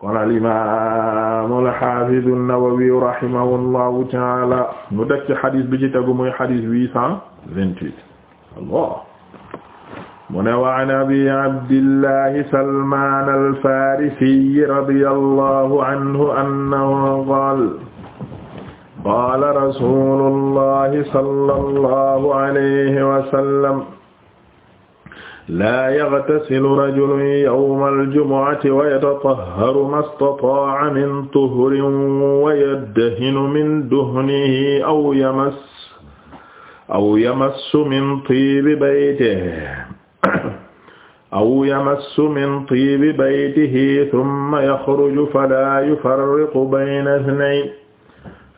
kon al imaam al xaafiz an-Nawawi rahimahullahu taala mu def ci xadis bi ci tegu muy xadis huit cent vingt-huit Allah mu ne wa an abi abdillahi salman al-farisi radiyallahu anhu annahu qaala qaala rasulullahi sallallahu alayhi wa sallam laa yaghtasilu rajulun yawmal jumu'ati wa yatatahharu mastataa'a min tuhurin wa yaddahinu min duhnihi aw yamas aw yamassu min tiibi baytihi aw yamassu min tiibi baytihi thumma yakhruju falaa yufarriqu bayna ithnayni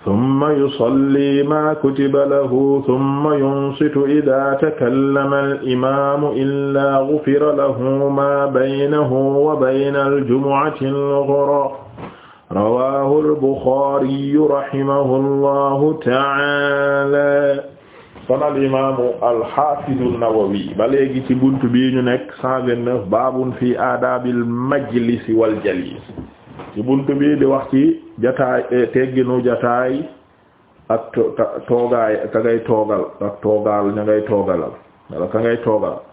summa yusalli ma kutiba lahu summa yunsitu ida takallama al-imaamu illaa gufira lahu ma baynahu wa bayna al-jumu'ati al-uxraa rawaahu al-Buxaariyu rahimahu llahu ta'aala kon al-imaamu al-xaafidu an-Nawawi ba léegi ci bunt bii ñu nekk 129 baabun fi aadaabil majlisi wal jaliis ci bunt bii di wax ci jataay eh, tegginu jataay ak toogaay ka ngay toogal ak toogaal ña ngay toogalal wala ka ngay toogal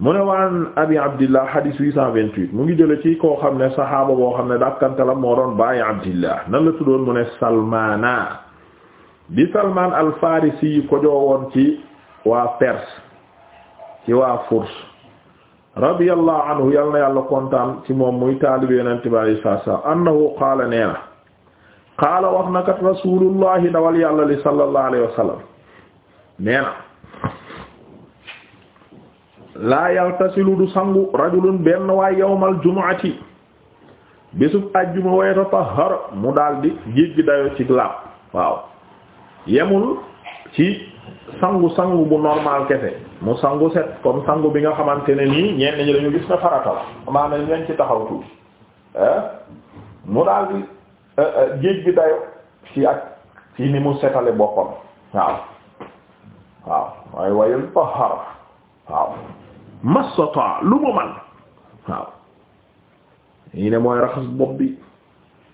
mu ne waan abi abdillah hadis 828 mu ngi jële ci koo xam ne saxaaba boo xam ne dakkantalam moo doon bàyyi abdillah nan la tuddoon mu ne salmaana di salman al farisi ko ci waa perse ci waa furs radiyallahu anhu yal na yàlla kontaan ci moom muy taalibe yonente bi alei annahu qaala nee na qaala wax na kat rasulullahi dawal yàlla li sallallahu alayhi wa sallam nee na laa yaltasilu du sangu rajulun benn waay yawmal jumu'ati bésub ajjuma wa yatatahhar mu daldi jéggi dayo ci laab waaw yemul ci sangu sangu bu normal kese mu sangu set comme sangu bi nga xamante ne nii ñenn ñi dañu gis na farata la amaana ñu ci taxaw tuuti mu daldi géej bi dayo ci ak ci ni mu setale boppam waaw waaw waaye wayul tahara waaw masata lu mu man waaw ñii ne mooy raxas bopp bi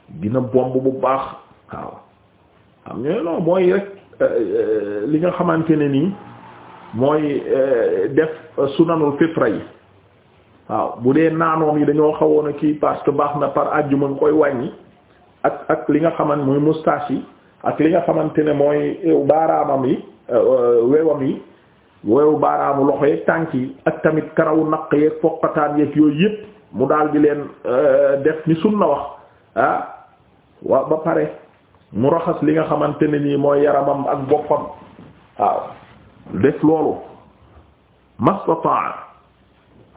dina bomb bu baax waaw xam ñooy non mooy rek euh, euh, li nga xamante ne nii mooy euh, def sunanul fitra yi waaw bu dee naanoom yi dañoo xawoon a kii parce que baax na par àjjuma nga koy wàññi ak ak li nga xaman muy moustache yi ak li nga xamante ne mooy baaraamam yi euh, euh, weewam yi weewu baaraamu loxo yeeg tànk yi ak tamit karawu naq yeeg foqataan yeeg yooyu yëpp mu daal di leen euh, def ni sunna wax ah ba pare mu raxas li nga xamante ne nii mooy yaramam ak boppam waaw def loolu mastataa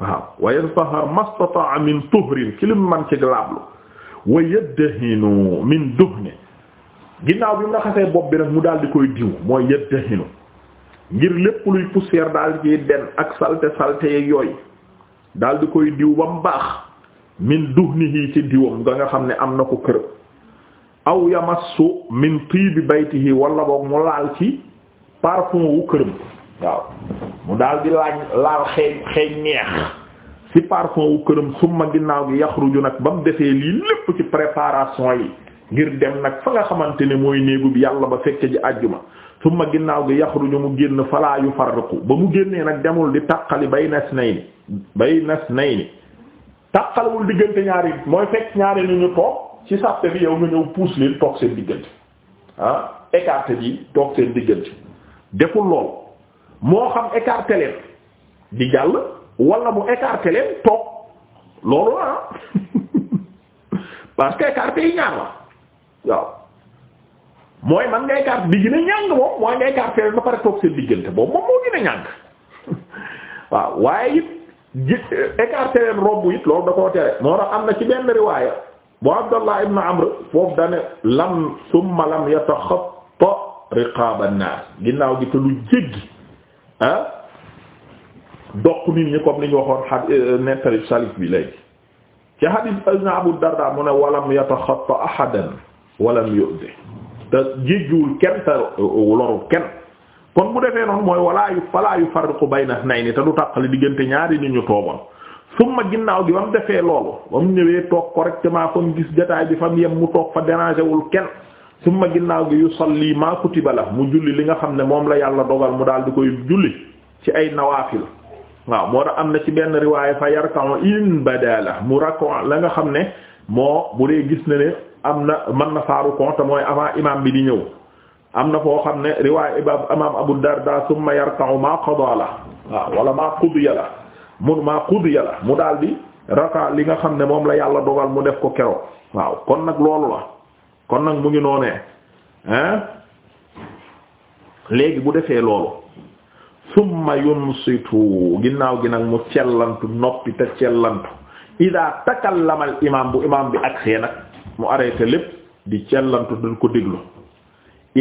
waaw wa yatahar mastataa min tuhrin ci man ci laablu wa yaddahinu min duhni ginnaaw bi mu raxasee bopp bi nag mu daal di koy diw mooy yaddahinu ngir lépp luy poussière daal di den ak salte salte yeeg yooyu daal koy diw ba mu baax min duhnihi ci diwam nga nga xam ne am na ko kër aw yamassu min tibi baytihi wala boog mu laal ci parfum wu këram waaw mu daal di laal xeeñ xeeñ neex ci parfum wu këram summa ginnaaw gi yaxruju nag ba mu defee lii lépp ci préparation yi ngir dem nag fa nga xamante ne mooy néegu bi yàlla ba fekke ji àjjuma summa ginnaaw gi yaxruju mu génn falaa yu farriqu ba mu génnee nag demul di taqali bay nas nay ni bay nas nay ni taqalawul diggante ñaari mooy fekk ñaari ñu ñu toog ci sàppe bi yow nga ñëw puus leen toog seen diggante ah yi ji toog seen diggante deful lool moo xam écarté leen di jàll wala mu écarté leen toog loolu ah parce que écarté yi ñaar la waaw mooy man nga écarté bi gën a ñàng moom mooy nga écarté ba pare toog seen diggante boobu moom moo gën a ñàng waaw waaye it euh, écarté leen romb it loolu da koo tere moo tax am na ci benn riwaaya bu Abdallah ibn Amr foofu dane lam summa lam yataxatta riqaaba an-naas ginnaaw gi te lu jéggi ah, doq nit ñi comme li ñu waxoon xa euh, nettali salif bi léegi ci hadith Seydina Abu Darda mu ne walam yataxatta ahadan walam yu'di te jéggiwul kenn te euh, lorul kenn kon bu defee noonu mooy walaa yu falaa yu farriqu bayna nayni te du tàqali diggante ñaari nit ñu toogoon summa ginnaaw gi ba mu defee loolu ba mu ñëwee toog correctement fa mu gis jotaay bi fa mu yem mu toog fa dérangé wul kenn summa ginnaaw gi yu salli maa kutiba la mu julli li nga xam ne moom la yàlla dogal mu daal di koy julli ci ay nawaafil waaw moo tax am na ci benn riwaaya fa yarka'u in badala mu rakon la nga xam ne moo bu dee gis na ne am na mën na faaru kon te mooy avant imam bi di ñëw am na foo xam ne riwaaya imam Abu Darda summa yarka'u maa qada la waaw wala maa qudiya la mun maa qudiya la mu daal di li nga xam ne moom la yàlla dogal mu def ko keroog waaw kon nag loolu la kon nag mu ngi noonee hein léegi bu defee loolu summa yumsitu ginnaaw gi nag mu cellantu noppi te cellantu ida takallama al bu imam bi agsee nag mu arrêté lépp di cellantu dul ko déglu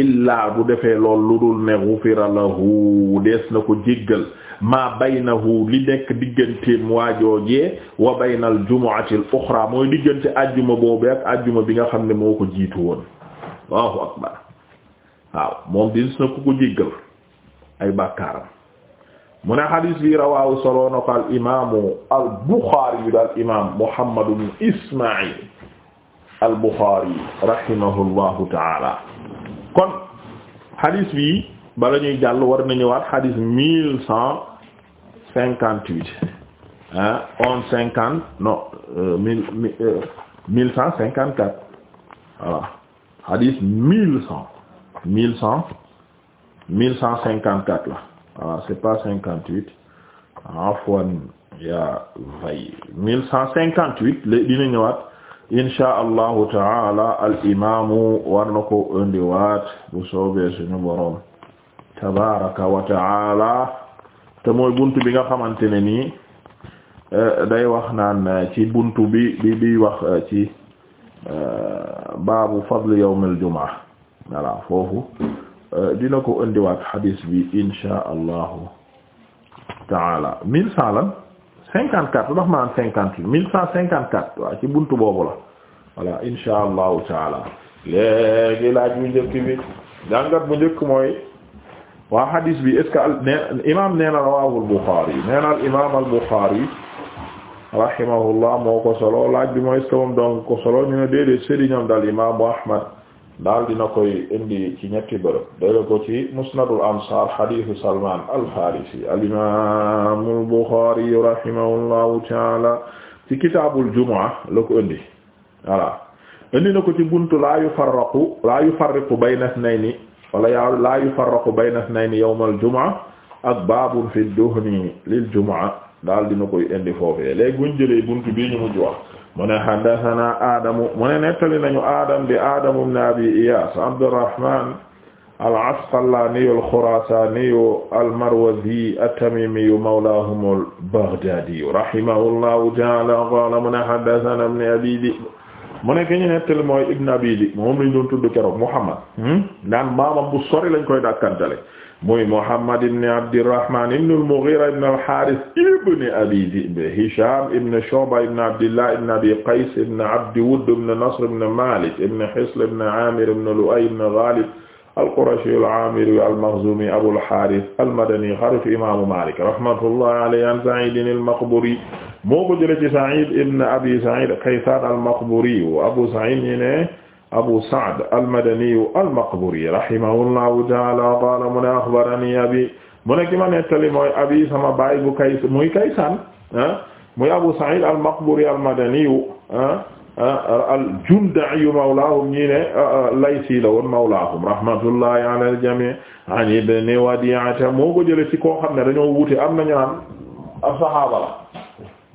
illaa bu defee lool lu dul ne ghufira lahu dees na ko jéggal ma baynahu li nekk digganteem waajoojee wa bayna al jumu'ati mooy diggante ajjuma boobu ak bi nga xam ne moo ko jiitu woon waaw moom dees na ko ko jéggal ay bàkkaaram mu ne xadis bi rawaahu solo na ko al imaamu al buxaari yu daal imaam Muhammad ibn Ismaïl al buxaari rahimahullahu taala kon xadis bi bala ñuy jàll war na ñëwaat xadis mille cent cinquante huit ah onze cinquante non euh, euh, mille cent cinquante quatre voilà xadis mille cent mille cent cinquante quatre la. ah c'est pas cinquante huit afwan yaa vay mille cent cinquante huit le dina ñëwaat insha allahu taala al imaamu war na ko indiwaat bu soobee suñu boroom tabaraka wa te mooy buntu bi nga xamante ne ni eh, day wax naan eh, ci buntu bi bi bi wax eh, ci baabu fadl yawm al jumaa foofu Euh, dina ko indiwaat xadiis bi insha allahu taala mille cent cinquante quatre ndax ma am cinquante huit mille cent cinquante quatre waaw ci buntu boobu la voilà insha allahu taala léegi laaj bu njëkk bi jàngat bu njëkk mooy waa xadiis bi est-ce rawaahu al-Buxaari al imaam al-Buxaari moo ko solo laaj bi mooy est-ce moom donc ko solo ñu ne déedéet sëriñam daal imaam Ahmad daal dina koy indi ci ñetti bërëb dala ko ci musnadul ansar hadithu salman alfarisi alimamu albuxaari rahimahullahu taala ci kitaabul jumaa la ko indi voilà indi na ko ci buntu laa yufarraqu laa yufarriqu bayna isnayni wala ya laa yufarraqu bayna isnayni yawmal jumaa ak baabun fi duhni lil jumaa daal dina koy indi foofee léegi buñ jëlee buntu bii ñu mujj wax mu ne haddathana Adamu mu ne nettali nañu Adam bi Adamu ibn Abi Iyas Abdurrahman al-Asqalani al-Khurasani al-Marwazi at-Tamimi mawlahum al-Baghdadi rahimahullahu ta'ala qala mu ne haddathana ibn Abi Dhi'b mu ne ki ñu nettali mooy ibn Abi Dhi'b moom lañ doon tudd keroog Muhammad hmm? naan maamam bu sori lañ koy dàkkantale muy Muhammad ibn Abdirrahman ibn al-Mughira ibn al-Harith ibn Abi Dhi'b Hisham ibn Shu'ba ibn Abdillah ibn Abi Qays ibn Abdi Wudd ibn Nasr ibn Malik ibn Hisl ibn Amir ibn Lu'ay ibn Ghalib al-Qurashi al-Amiri al-Makhzumi Abu al-Harith al-Madani xaritu imaamu Malik rahmatullahi alayhi an Sa'id al-Maqburi moo ko jëlee ci Sa'id ibn Abi Sa'id Kaysan al-Maqburi Abu Sa'id ñi ne abu sa'd almadaniyu almaqburi rahimahullahu taala qaala mu ne abi mu ki ma nettali mooy abi sama baay bu kays muy kaysaan ah, muy abu sa'id almaqburi almadaniyu ah, ah, aljundaiyu mawlaahum ñi ne laysi la woon mawlaahum rahmatullahi ala aljamii an ibni wadi'ata moo ko jële ci koo xam ne dañoo wuute am nañu naan ab saxaaba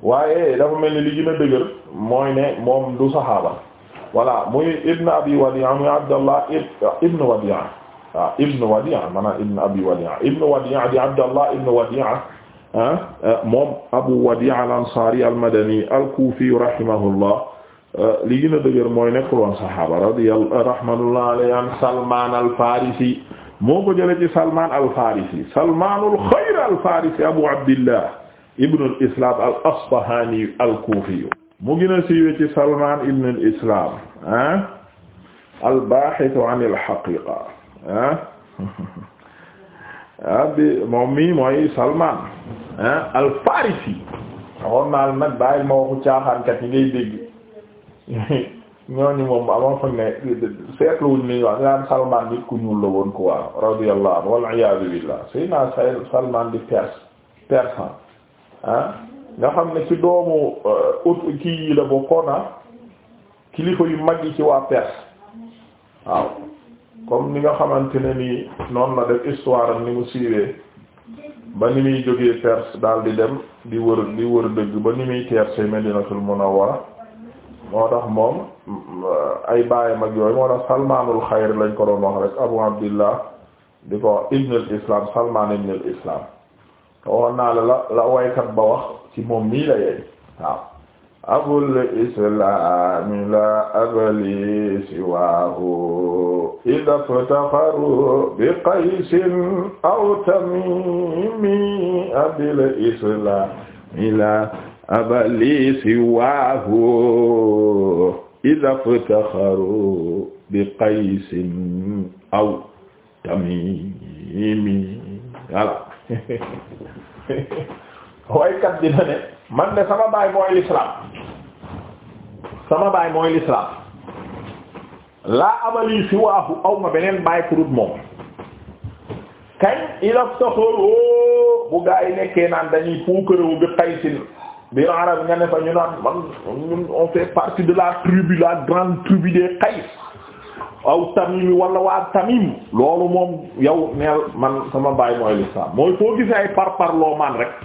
waaye dafa mel ni li mooy ne moom du saxaaba voilà muy Ibn Abi Wadi'a muy Abdallah Ibn Wadi'a waaw ah, Ibn Wadi'a maanaam Ibn Abi Wadi'a Ibn Wadi'a di Abdallah Ibn Wadi'a ah eh, moom Abu Wadi'a al-Ansari al-Madani al-Kufi rahimahullah eh, li gën a dëgër mooy nekkul woon saxaaba radiyallahu eh, rahmatullah alayhi an Salman al-Farisi moo ko jëlee ci Salman al-Farisi Salmanul Khayr al-Farisi Abu Abdillah ibn al-Islam al-Asbahani al-Kufi mu gën a siiwee ci Salman ibn al-Islam ah al-baahith an al-haqiqa ah, ah moom mii mooy Salman ah al-Farisi waxoon naa la nag bàyyil ma waxu caaxaankat yi ngay ñooñu moom amoon foog ne seetlu wuñ li ñu wax daan ku ñuul la woon quoi radiyallahu anhu wal iyaadu billah Seydina Salman di perse persan ah. nga xam ne ci doomu euh, ut kii yi la bokkoon na ah, kilifa yu mag yi ci waa Perse waaw comme ni nga xamante ne ni noonu la def histoire am ni mu siiwee ba ni muy jógee Perse daal di dem di wër di wër dëgg ba ni muy teer say Medinatul a moo tax moom euh, ay baay mag yooyu moo tax Salmaanul Xayr lañ ko doon wax rek Abu Abdillah di ko ibnul islam Salmaan ibnul islam waxoon naa la la la waykat ba wax ci moom mii la yeey waaw abul islaami la abali siwaahu ida ftaxaru bi qaysin aw tamimi abil islaami la abali siwaahu ida ftaxaru bi qaysin aw tamimi voilà waykat bi na ne man de sama baay mooy l'islam sama baay mooy l'islam laa amali si waafu aw ma beneen baay kurut moom kañ ilaf saxoor o bu gaa yi nekkee naan dañuy puukarewu bi xaysin bi arab nga ne fa ñu naan man ñun on fait partie de la tribu la grande tribu des Qays aw tamim wala waa tamim loolu moom yow neel man sama baay mooy lislaam mooy foo gisee ay par par man rek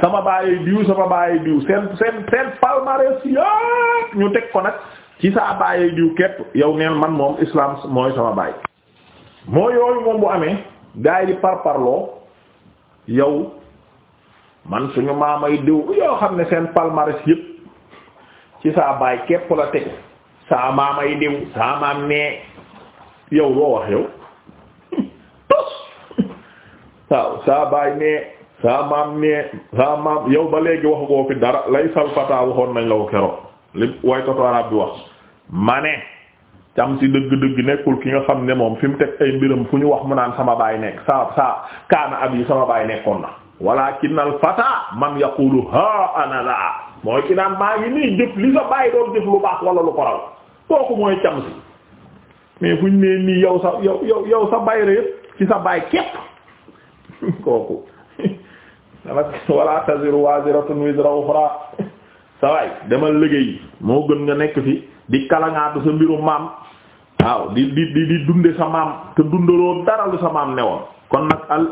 sama baay diw sama baay diw seen seen seen palmarès yëpp ñu teg ko nag ci saa baay diw képp yow neel man moom islam mooy sama baay mooy yooyu moom bu amee gaa yi di par parloo yow man suñu ay diw yoo xam ne seen palmarès yëpp ci saa baay képp la teg saa maamay diw saa maam nee yow loo wax yow tos waaw saa baay nee saa maam nee saa maam yow ba léegi waxu koo fi dara lay salfata waxoon nañ la ko keroog li waykatu arab bi wax ma ne dëgg-dëgg nekkul ki nga xam ne moom fi mu teg ay mbiram fu ñu wax mu naan sama baay nekk saa saa kaana ab yi sama baay nekkoon na walakin al fata man yaqulu ha ana mooy ki naan maa ngi nii jëf li sa baay doon jëf lu baax wala lu ko raw kooku mooy cam mais fu ñu nee nii yow sa yow yow sa bay réer ci sa bay képp kooku nag wala taziru waziratun wizra sa waay demal liggéey moo gën nga nekk fi di kalangaatu sa mbiru maam waaw di di di di dunde sa maam te dundaloo dara sa maam newoon kon nag al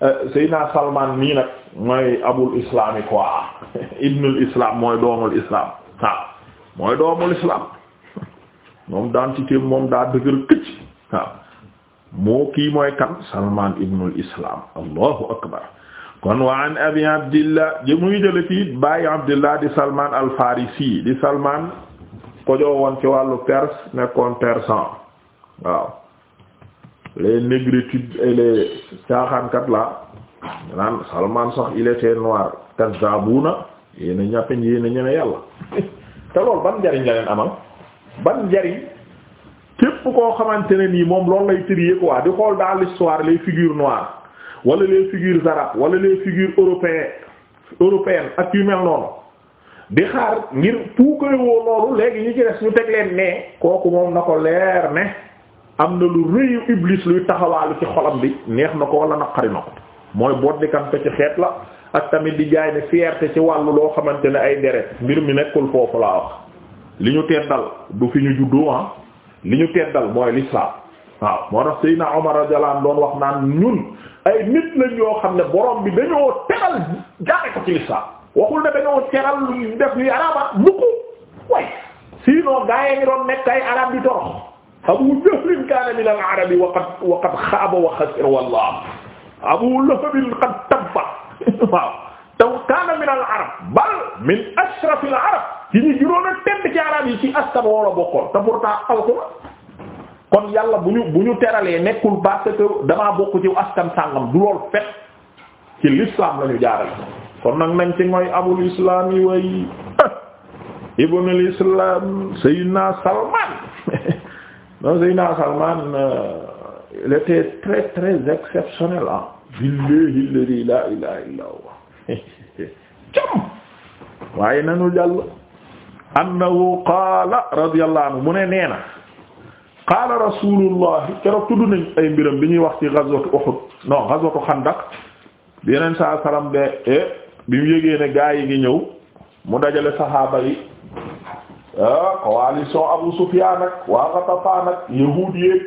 eh, Seydina Salman nii nag mooy abul islami quoi ibnul islam mooy doomul islam waaw mooy doomul islam moom dentité moom daa dëgër këcc waaw moo kii mooy kan salman ibnul islam allahu akbar kon waa an abi abdillah ji muy jële ci bàyyi abdillah di salman al farisi di salman ko woon ci wàllu perse nekkoon persan waaw les négritudes et caaxaankat la naan salman sax il était noir kazzabuna yéena ñàppeñ yéena ñeme yàlla te loolu ban njariñ la amal ban njariñ képp koo xamante ne nii moom loolu lay trier quoi di xool dans l'histoire les figures noires wala les figures arabes wala les figures européennes européennes ak yu mel noonu di xaar ngir puukare woo loolu léegi ñu ci des ñu teg leen ne kooku moom na ko leer ne am na lu rëyu iblis luy taxawaalu ci xolam bi neex na ko wala naqari na ko mooy boddikante ci xeet la ak tamit di jaay ne fierté ci wàllu loo xamante ne ay deret mbir mi nekkul foofu laa wax li ñu teddal du fi ñu juddu ah li ñu teddal mooy l'islam waaw moo tax Seydina Omar radiyallahu anhu doon wax naan ñun ay nit lañ yoo xam ne borom bi dañoo teral jaare ko ci l'islam waxul ne dañoo teral lu def ñuy araba ah, way sinon gaa yi nekk ay arab di torox Abu Jahl kaana min al-arab wa qad wa qad xaaba wa xasir wallah Abu Lahab qad tabba waaw taw kaana min al arab bal min ashraf al ci ñu juróon a tedd ci arab yi ci askan woola bokkoon te pourtant alku kon yàlla bu ñu bu ñu teralee nekkul parce que damaa bokk ci askan sàngam du lool fet ci l'islam la ñu jaaral kon nag nañ ci mooy abul islam yi way ibnul islam sayyidina salman non sayyidina salman euh, il était très très exceptionnel ah billahi alladhi la ilaha cam waaye nanu jàll annahu qaala radiyallahu anhu mu ne nee na qaala rasulullahi keroog tudd nañ ay mbiram bi ñuy wax ci ghazwatu Uhud non ghazwatu Khandaq yeneen saa salaam de eh, bi mu yégee ne gaa yi gi ñëw mu dajale saxaaba yi ah coalition Abu Sufyan ak waa Ghatafan ak yahuud yeeg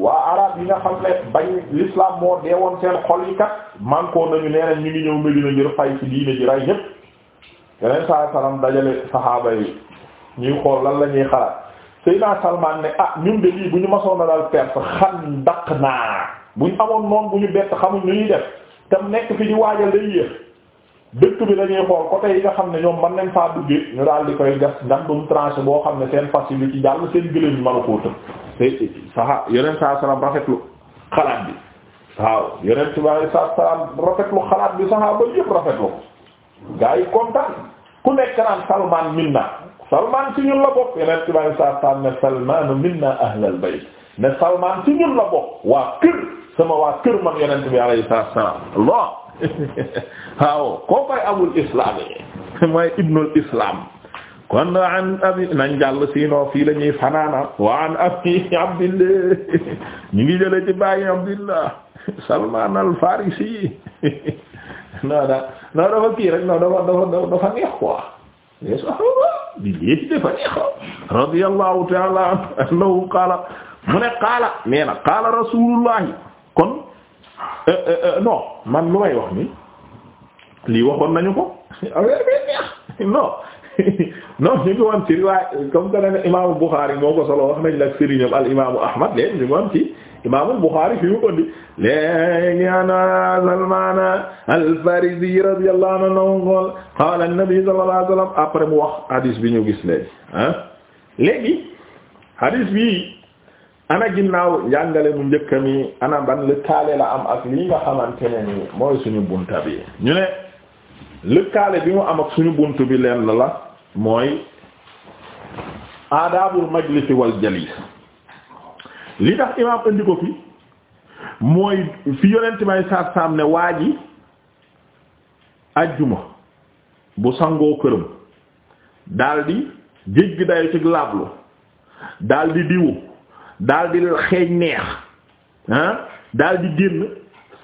waa arab yi nga xam ne bañ l'islam moo deewoon seen xol yi kat manko nañu nee nañ ñu ngi ñëw Medina ngir fay ci diine ji ray ñëpp yeneen saa salaam dajale saxaaba yi ñuy xool lan la ñuy xalaat Seydina Salman ne ah ñun de lii bu ñu masoon a dal perte xandaq naa bu amoon noonu bu ñu bett xamuñ nu ñuy def tam nekk fi di waajal day yéex. dëkk bi dañuy xool côté yi nga xam ne ñoom man nañ faa duggee ñu daal di koy gas ngandum tranché boo xam ne seen fas yi lu ci jàll seen gëléem ñu a koo tëb te saxa yeneen saa salaam rafetlu xalaat bi waaw yeneen saa salaam rafetlu xalaat bi saxaa ba yëpp rafetlu ko gaa yi kontaan ku nekk naan Salman minna Salman ci ñun la bokk yeneen saa salaam ne Salman minna ahlal bayt ne Salman ci ñun la bokk waa kër sama waa kër man yeneen bi alayhi waaw koo koy abul islam yi mooy ibnul islam kon an abi nañ jàll siinoo fii la ñuy fanaana wa an abi abdillah ñu ngi jële ci bàyyi abdillah salman al farisi non da non dafa kii rek non dafa dafa dafa neex quoi ah, mu ne qaala nee na qaala rasulullahi Euh, euh, euh, non man lu may wax ni lii waxoon nañu ko affaire bi non non ñu ngi woon ci riwaay comme que ne imaamu Bukhari moo ko solo wax nañ la sëriñam al imaamu Ahmad léegi ñu ngi woon ci imaamu Bukhari fi mu ko di léegi ana Salman al-Farisi radiyallahu anhu qaala qaala an-nabi sallallahu après mu wax hadis bi ñu gis léegi ah léegi hadis bi. ana ginnaaw njàngale mu njëkk mi ana lëkkaale la am ak lii nga xamante ne mooy suñu bunta bi ñu ne lëkkaale bi mu am ak suñu bunt bi leen la la mooy aadaabul majlisi wal jaliis li tax imaam indi ko fi mooy fi yonent may saat saam ne waa ji ajjuma bu sangoo këram daldi jégg dayo ci lablu daldi diwu daal di xeeñ neex ah daal di génn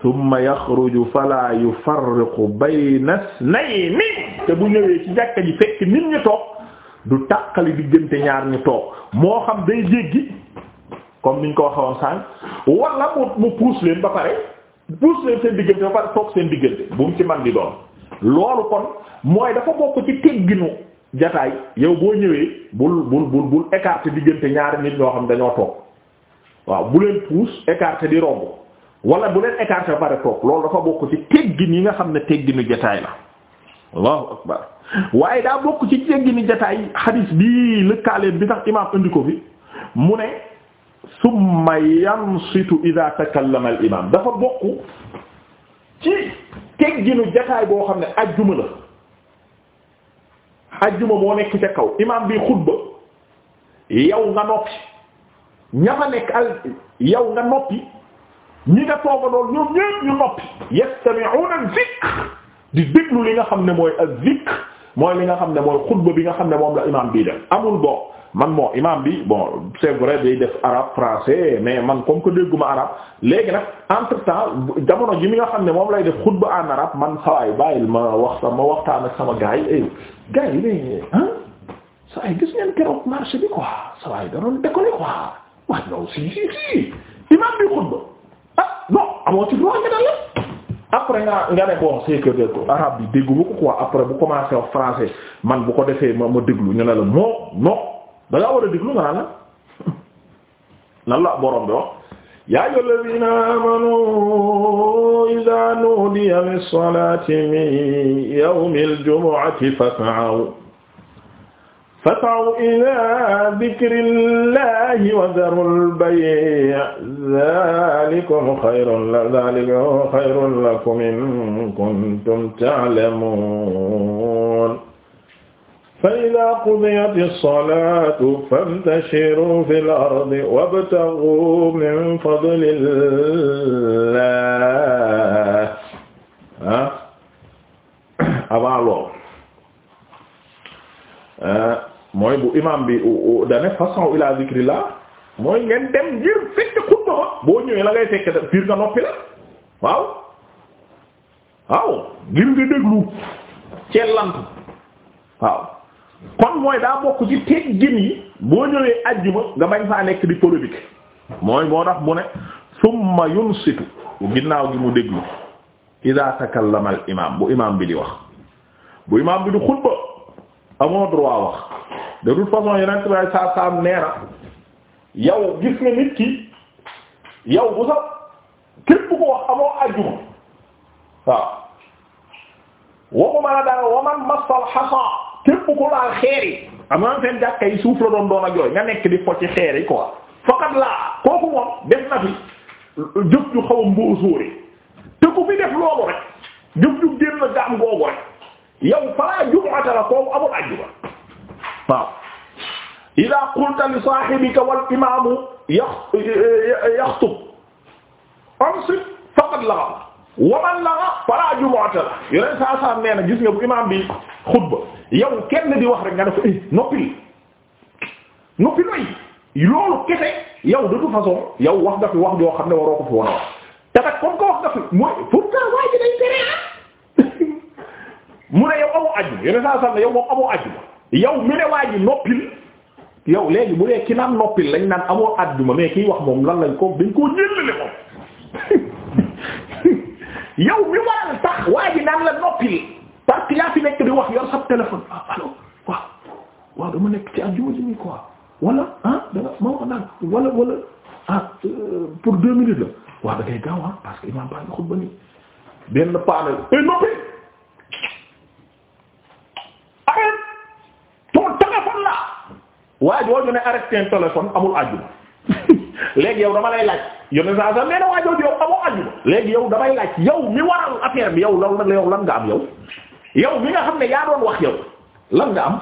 summa yaxruju fala yufarriqu bayna isnayni te bu ñëwee ci jàkka ji fekk nit ñu toog du tàqali diggante ñaar ñu toog moo xam day jéggi comme niñ ko waxe woon sànq wala mu mu puus leen ba pare puus leen seen diggante ba pare toog seen diggante bu mu ci man di doon loolu kon mooy dafa bokk ci tegginu jataay yow boo ñëwee bul bul bul bul écarter diggante ñaari nit ñoo xam dañoo toog waaw bu leen puus écarter di romb wala bu leen écarter ba pare toog loolu dafa bokk ci teggin yi nga xam ne tegginu jataay la allahu akbar waaye daa bokk ci tegginu jataay xadiis bii lëkkaaleen bi tax imaam indi ko fi mu ne summa yansitu ida takallama al imam dafa bokk ci tegginu jataay boo xam ne ajjuma la ajjuma moo nekk ca kaw imaam bi xutba yow nga noppi ña nekk al yow nga noppi ñi nga tooga doon ñoom ñu noppi yastami'una al-zikr di déglu li nga xam ne mooy al-zikr mooy li nga xam ne mooy xutba bi nga xam ne moom la imaam bii def amul boo man moo imam bi bon c'est vrai day def arabe français mais man comme que dégguma arabe léegi nag entre temps jamono ji mi nga xam ne moom lay def xutba en arabe man sawaay bàyyil ma wax ma waxtaan ak sama gars yi eh, gars yi léegi ah sawaay gis ngeen keroog marché bi quoi sawaay da doon décoller quoi waaw ñow si si si imam bi xutba ah non amoo ci droit nga la après nga nga ne bon c'est dégguma ko quoi après bu commencé wax français man bu ko defee ma ma déglu ñu ne la non non da ngaa war a déglu nga naan la lan la borom bi wax yaa ayyuhal ladina amanu idha nudiya lis-salati min yawmil jumu'ati fas'aw fas'aw ila dhikrillahi wa dharul bay' dhalikum khayrun dhalikum khayrun lakum in kuntum ta'lamun فإذا قضيت الصلاة فانتشروا في الأرض وابتغوا من فضل الله ah avant loolu mooy bu imaam bi dane façon ila zikrillah mooy ngeen dem ngir fekk xutba ba boo ñëwee la ngay fekk da biir nga noppi la waaw waaw ngir nga déglu cellantu waaw kon mooy daa bokk ci teggin yi boo ñëwee ajjuma nga bañ faa nekk di polémique mooy moo tax mu ne summa yunsitu ginnaaw gi mu déglu ida takallama al bu imam bi di wax bu imam bi di xutba amoo droit wax de toute façon yeneen tubaab yi saa saa nee na yow gis nga nit ki yow bu sax képp ko wax amoo ajjuma waaw waxuma la daal waman masal xasa képp ku laal xeer yi amaan seen jàkka la doon doon ak nga nekk di fo ci xeer yi quoi laa kooku moom def na fi jëf ju xaw a mboo sóore yow falaa jumu'ata la kooku amul ajjuma waaw qulta li sahibika wal imaamu yaxtub ansit faqat laxa waman laxa falaa jumu'ata la yeneen saa saa nee na gis nga bu imaam bi xutba yow kenn di wax rek nga def eh, noppil noppi loolu kese yow de façon yow wax nga fi wax joo xam ne waroo ko fi wan a wax te nag comme que wax nga fi mooy ah. mu ne yow amoo aju yeneen saa sax ne yow moom amoo aju yow mi ne waa noppil yow léegi bu dee ki naan noppil lañ naan amoo aju ma mais kiy wax moom lan lañ koo dañ koo jëllale moom yow mi waral tax waa naan la noppil. parce que yaa fi nekk di wax yor sa téléphone ah allo waaw waaw dama nekk ci àjjuma ji nii quoi wala ah danga ma wax naan wala wala ah euh, pour deux minutes la waaw da ngay ah, parce que imam baa ngi xutba nii benn paanal ay eh, ne arrête ton téléphone amul àjjuma léegi yow dama lay laaj yone saa sax nee na waajooju yow amul àjjuma léegi yow damay laaj yow mi waral affaire bi yow lan la yow lan nga am yow yow mi nga xam ne yaa doon wax yow lan nga am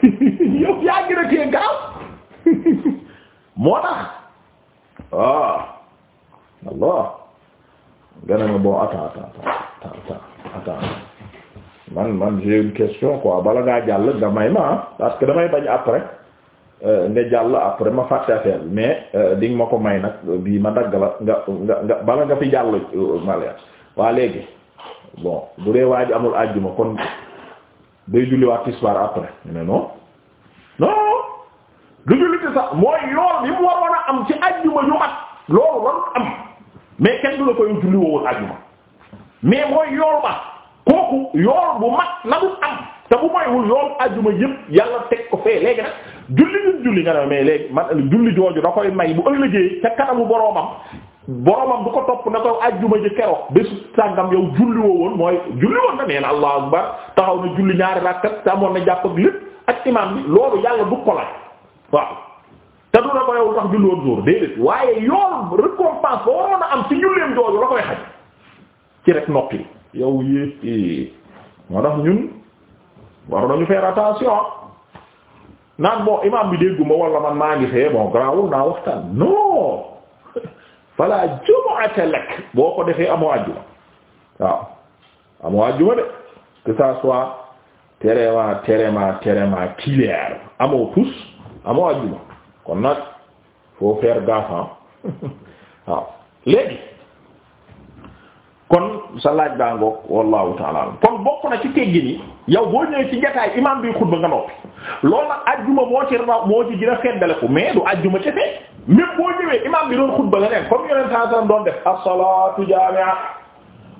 yow yaa gën a téye gaaw moo tax ah Allah nga ne ma bon attends attends attends man man j'ai une question quoi bala ngaa jàll nga may ma parce que damay bañ après euh, nga jàll après ma fàtte affaire mais euh, di nga ma ko may nag bii ma dagg la nga nga nga bala nga fi jàll euh, ma waa léegi. bon bu dee waa amul àjjuma kon day julliwaat tisbaar après ñu ne non non du julli tisbaar mooy yoon yi mu waroon a am ci àjjuma ñu mat loolu waroon am mais kenn du la koy julli woowul àjjuma mais mooy yool ba kooku yool bu mat la du am te bu moywul yool àjjuma yëpp yàlla teg ko fee léegi nag julli ñu julli nga ne mais léegi man julli jooju da koy may bu ëllëgee ca kanamu boroomam boromam bu ko topp na ko ajjuma ji keroog bésu sàngam yow julli woon mooy julli woon na nee na allahu akbar taxaw na julli ñaari rakkat te amoon na jàpp ak lépp ak imam bi loolu yàlla du ko laaj waaw te du na ko yow tax julli woon jour déedéet waaye yool récompense ba waroon am ci julleem jooju la koy xaj ci rek noppi yow yéeg moo tax ñun war nañu faire attention naan bon imam bi dégguma wala man maa ngi fee bon grawul naa waxtaan non fala jumu'ata lak boo ko defee amoo àjjuma waaw amoo àjjuma de que ça soit terema terema terema kileer amoo tus amoo àjjuma kon nag faut faire gaffe waaw léegi kon sa laaj daa ngoog wallahu taala kon bokk na ci teggin yi yow boo ñëwee ci jataay imam bi xutba nga noppi loolu nag àjjuma moo ci raw moo ci gën a feddale ko mais du àjjuma ca fee même koo ñëwee imam bi doon xutba leneen comme yeneen saa saa doon def as-salaatu jaami'a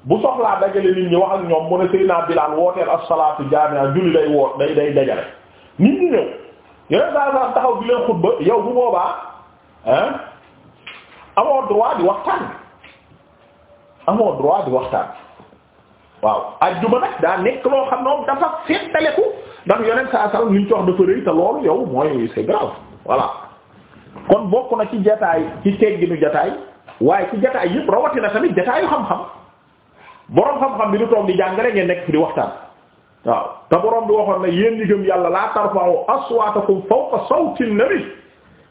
bu soxlaa dajale nit ñi wax ak ñoom mu ne Seydina Bilaal wooteel as-salaatu jaami'a julli day woot day day dajale nit ñi ñëw yeneen saa taxaw bi leen xutba yow bu boobaa ah amoo droit di waxtaan amoo droit di waxtaan waaw ajjuma nag daa nekk loo xam ne dafa seetaleku ndax yeneen saa saa li ñu ci wax dafa rëy te loolu yow mooy c'est grave voilà. kon bokk na ci jataay ci tegginu jataay waaye ci jataay yëpp rawatina tamit jataayu xam-xam borom xam-xam bi du toog di jàngale ngeen nekk fi di waxtaan waaw te boroom bi waxoon na yéen ñi gëm yàlla laa tarfa'u aswaatakum fawqa sawti nabi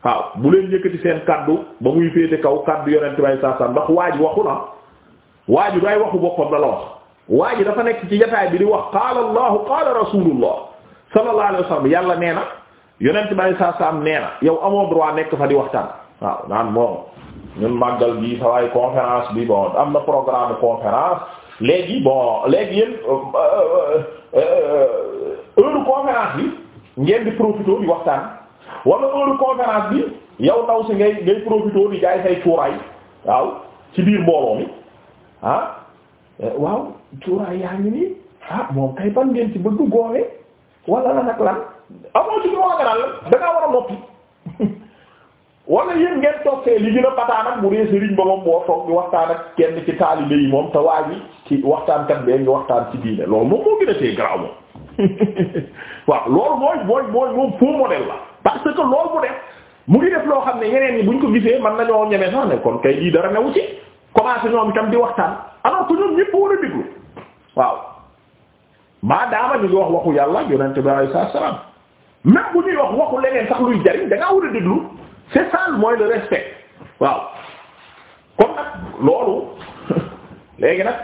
waaw bu leen yëkkati seen kaddu ba muy féete kaw kaddu yonent bay saa saa ndax waaj ji waxu na waa ji day waxu boppam la la wax waa dafa nekk ci jataay bi di wax qaala allahu qaala rasulullah sallallahu alayhi wasallam yàlla nee na yonent bay saa saam nee na yow amoo droit nekk fa di waxtaan waaw naan moom ñun màggal bi sa waay conférence bi bon am na programme conférence léegi bon léegi yéen euh, euh, euh, heure conférence bi ngeen di profité di waxtaan wala heure conférence bi yow ndaw si ngay ngay profité di jaay say cuuraay waaw ci biir mbooloo mi ah eh, waaw cuuraay yaa ngi nii ah moom kay ban ngeen ci bëgg góore wala la nag lan amoo ci droit nga daal da ngaa war a noppi wala yéen ngeen toog see li gën a pataan ak bu dee sëriñ ba moom boo toog di waxtaan ak kenn ci taalibe yi moom te waa ji ci waxtaankat bee ngi waxtaan ci diine loolu moom moo gën a see garaaw waaw loolu mooy mooy mooy moom faux modèle la parce que loolu mu def mu ngi def loo xam ne yeneen bu buñ ko gisee man nañoo ñemee sax ne kon kay lii dara newu ci commencé ñoom itam di waxtaan alors que ñoom ñëpp a waaw maadaama ñu ngi wax waxu yàlla yonent bi alayhi salaam même bu ñuy wax waxu leneen sax luy jariñ da war a déglu c'est ça mooy le respect waaw kon nag loolu léegi nag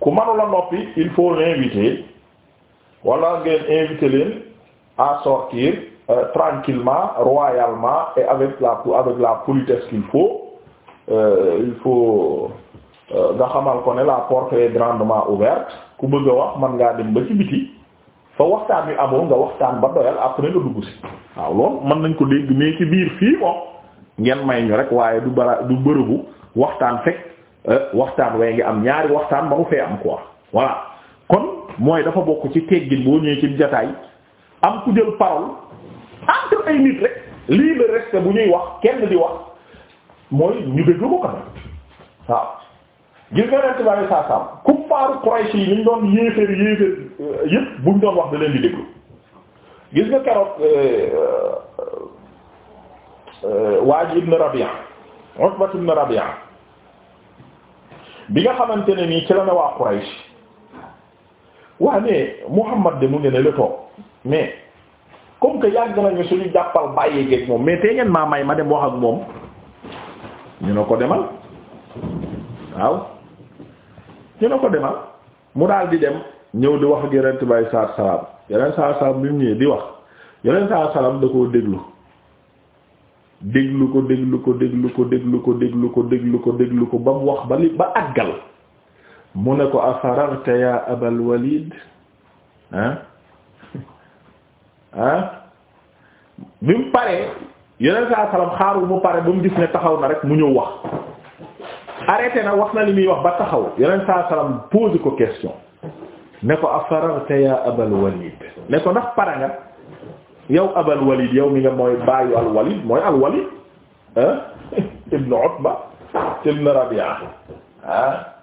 ku mënu la noppi il faut l'inviter wala ngeen inviter leen à sortir euh, tranquillement royalement et avec la avec qu'il faut euh, il faut euh, nga xamal ko ne la porte est grandement ouverte ku bëgg a wax mën ngaa dem ba ci biti fa waxtaan bi amoon nga waxtaan ba doyal après nga dugg si waaw loolu mën nañ ko dégg mais ci biir fii moom ngeen may ñu rek waaye du bara du bërëbu waxtaan fekk euh, waxtaan wee ngi am ñaari waxtaan ba mu fee am quoi voilà kon mooy dafa bokk ci teggin boo ñëwee ci jataay am ku jël parole entre ay nit rek lii le reste bu ñuy wax kenn di wax mooy ñu déglu ko kanam waaw gis nga leen tubaab yi saa saam kuffaaru yi ñu doon yéeféer yéeféer euh, yëpp buñ doon wax da leen di déglu gis nga keroog euh, euh, waa ji Ibn Rabi'a Utba Ibn Rabi'a bi nga xamante ne nii ci la na waa Quraysh waa ne Muhammad de mu ngi ne la mais comme que yàgg nañu suñu jàppal bàyyi géeg moom mais tey ngeen maa may ma dem wax ak moom ñu ne ko demal waaw ci la ko demal mu daal di dem ñëw di wax ak yeneen bay saar salaam yeneen saar salaam bi mu ñëwee di wax yeneen saar salaam da koo déglu déglu ko déglu ko déglu ko déglu ko déglu ko déglu ko déglu ko ba mu wax ba li ba àggal mu ne ko afararta ya abal walid ah ah bi mu paree yeneen saar salaam xaarul mu pare ba mu gis ne taxaw na rek mu ñëw wax arrêté na wax na li muy wax ba taxaw yeneen saa salaam posé ko question ne ko afararta ya abal walid ne ko ndax para nga yow abal walid yow mi nga mooy baayu al walid mooy al walid ibn utba ibn rabi'a ah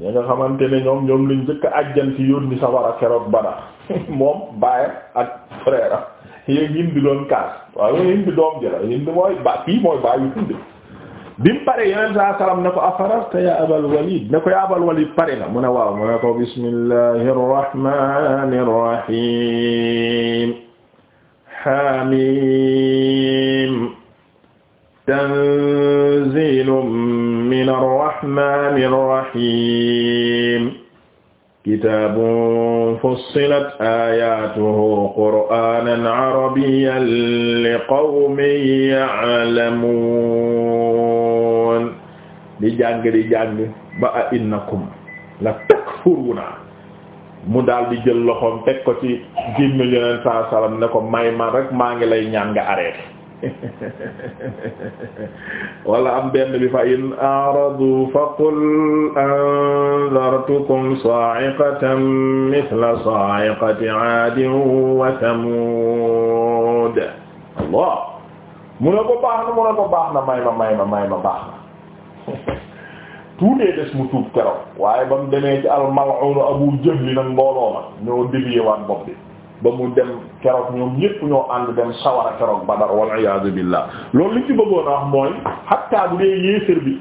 ñi nga xamante ne ñoom ñoom luñ jëkk ajjan ci yónni sa war a keroog bana moom baayam ak frère am yéeg Hind doon kaas waaye Hind doom ji la Hind mooy ba kii mooy baayu Hind bi mu pare yeneen saa salaam ne ko afararta ya abal walid ne ko ya abal walid pare na mu ne waaw mu ne ko bismillahir rahmanir rahim hamim tanzilun minar rahmanir rahim kitaabun fussilat aayatuhu qur'aanan arabiyyan liqawmin ya'lamuun di jàng di jàng ba a innakum la takfuruna mu daldi jël loxoom teg ko ci gémmiñ yoneen saa salaam ne ko may man rek maa ngi lay ñaan nga arrêté wala am benn bi fa in aradu fa qul anzartukum sa'iqatan mithla sa'iqati 'adin wa allah mu ne ko baax na mu ne ko baax na may ma may ma baax na tuutee des mu tuub keroog waaye ba mu demee ci almal'un abu jahli nag mbooloo ma ñoo dévié waat bopp bi ba mu dem keroog ñoom ñépp ñoo ànd dem sawara keroog badar wal iyaazu billah loolu li ci bëggoon a wax mooy xattaa bu dee yéesér bi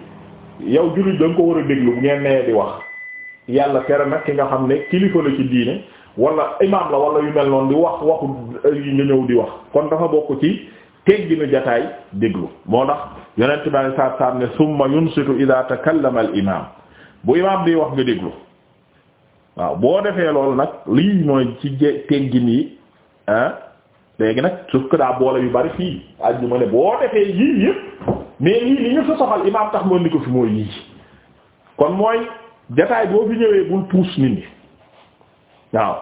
yow jullit da nga ko war a déglu bu ngeen nee di wax yàlla tere nag ki nga xam ne kilifa la ci diine wala imaam la wala yu mel noonu di wax waxu yi nga ñëw di wax kon dafa bokk ci tegginu jataay déglu yonent bi alei saatu salaam ne summa yunsitu ida takallama al imam bu imam di wax nga déglu waaw boo defee loolu nag lii mooy ci je teggin yi ah léegi nag sauf que boole yu bari fii ajju ma ne boo defee yii yëpp mais yii li ñu sa soxal imam tax moon ni ko fi mooy yii kon mooy jataay boo fi ñëwee bul puus nit ñi waaw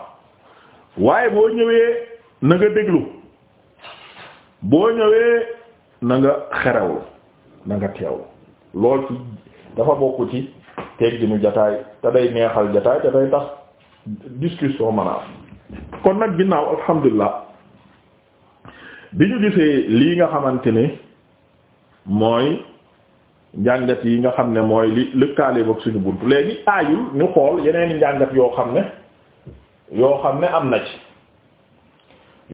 waaye boo ñëwee nanga déglu boo ñëwee na nga xerewlu na nga teew lool ci dafa bokk ci tegginu jataay te day neexal jataay te day tax discussion mën kon nag ginnaaw alhamdulilah bi ñu gisee lii nga xamante ni mooy njàngat yi nga xam ne mooy li lëkkaale boog suñu bunt léegi aayul ñu xool yeneen njàngat yoo xam ne yoo xam ne am na ci